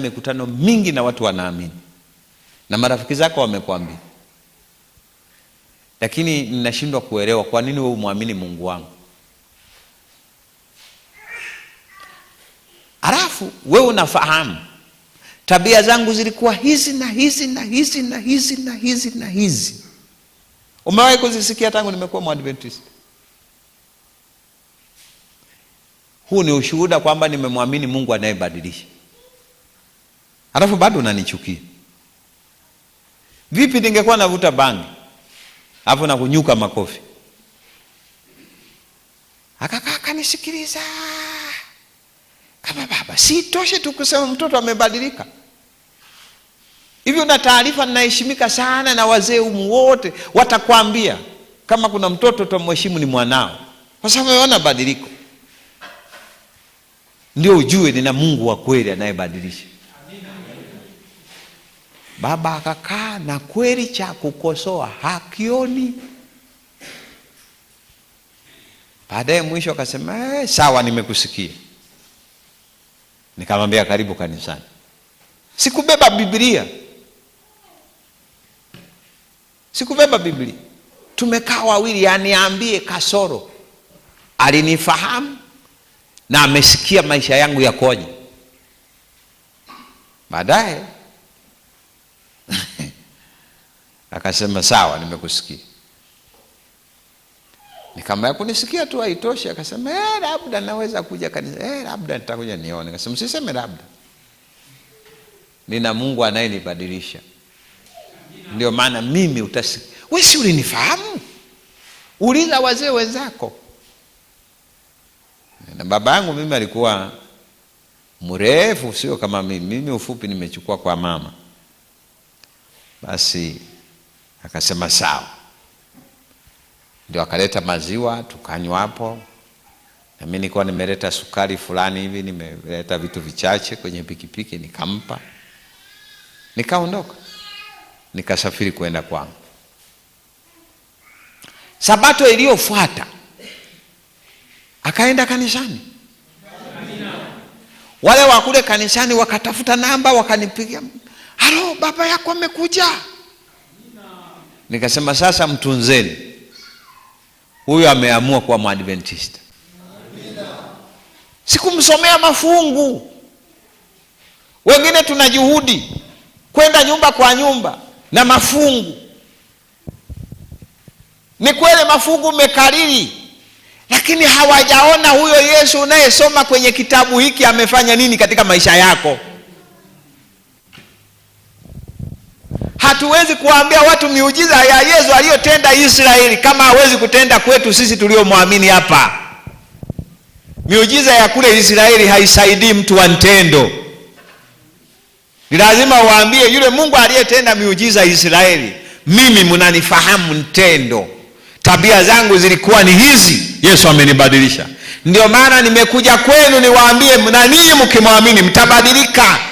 Mikutano mingi na watu wanaamini na marafiki zako wamekwambia, lakini ninashindwa kuelewa kwa nini wewe umwamini Mungu wangu. Halafu wewe unafahamu tabia zangu zilikuwa hizi na hizi na hizi na hizi na hizi na hizi. Umewahi kuzisikia tangu nimekuwa mwadventist Huu ni ushuhuda kwamba nimemwamini Mungu anayebadilisha alafu bado unanichukia. Vipi ningekuwa navuta bangi alafu nakunyuka makofi? Akakaa kanisikiliza kama baba. sitoshe tu kusema mtoto amebadilika hivyo, na taarifa ninaheshimika sana na wazee umu wote watakwambia kama kuna mtoto twamheshimu ni mwanao, kwa sababu ameona badiliko. Ndio ujue nina Mungu wa kweli anayebadilisha. Baba akakaa na kweli cha kukosoa hakioni. Baadaye mwisho akasema eh, sawa, nimekusikia. Nikamwambia karibu kanisani. Sikubeba Biblia, sikubeba Biblia. Tumekaa wawili, aniambie kasoro. Alinifahamu na amesikia maisha yangu yakoje. Baadaye Akasema sawa, nimekusikia. Ni kama kunisikia tu haitoshi, akasema eh, labda naweza kuja kanisa, eh, labda nitakuja nione. Akasema usiseme labda, nina Mungu anayenibadilisha. Ndio maana mimi utasikia, wewe si ulinifahamu? Uliza wazee wenzako. Na baba yangu mimi alikuwa mrefu, sio kama mimi. Mimi ufupi nimechukua kwa mama. Basi Akasema sawa, ndio akaleta maziwa tukanywa hapo, na mimi nilikuwa nimeleta sukari fulani hivi, nimeleta vitu vichache kwenye pikipiki, nikampa, nikaondoka, nikasafiri kwenda kwangu. Sabato iliyofuata akaenda kanisani. Wale wa kule kanisani wakatafuta namba, wakanipigia, halo, baba yako amekuja. Nikasema sasa mtunzeni huyu, ameamua kuwa Mwadventista. Sikumsomea mafungu. Wengine tuna juhudi kwenda nyumba kwa nyumba na mafungu. Ni kweli mafungu mekarili lakini hawajaona huyo Yesu unayesoma kwenye kitabu hiki amefanya nini katika maisha yako. Hatuwezi kuwaambia watu miujiza ya Yesu aliyotenda Israeli kama hawezi kutenda kwetu sisi tuliomwamini hapa. Miujiza ya kule Israeli haisaidii mtu wa ntendo. Ni lazima waambie yule Mungu aliyetenda miujiza Israeli, mimi mnanifahamu ntendo, tabia zangu zilikuwa ni hizi, Yesu amenibadilisha. Ndio maana nimekuja kwenu niwaambie, na ninyi mkimwamini mtabadilika.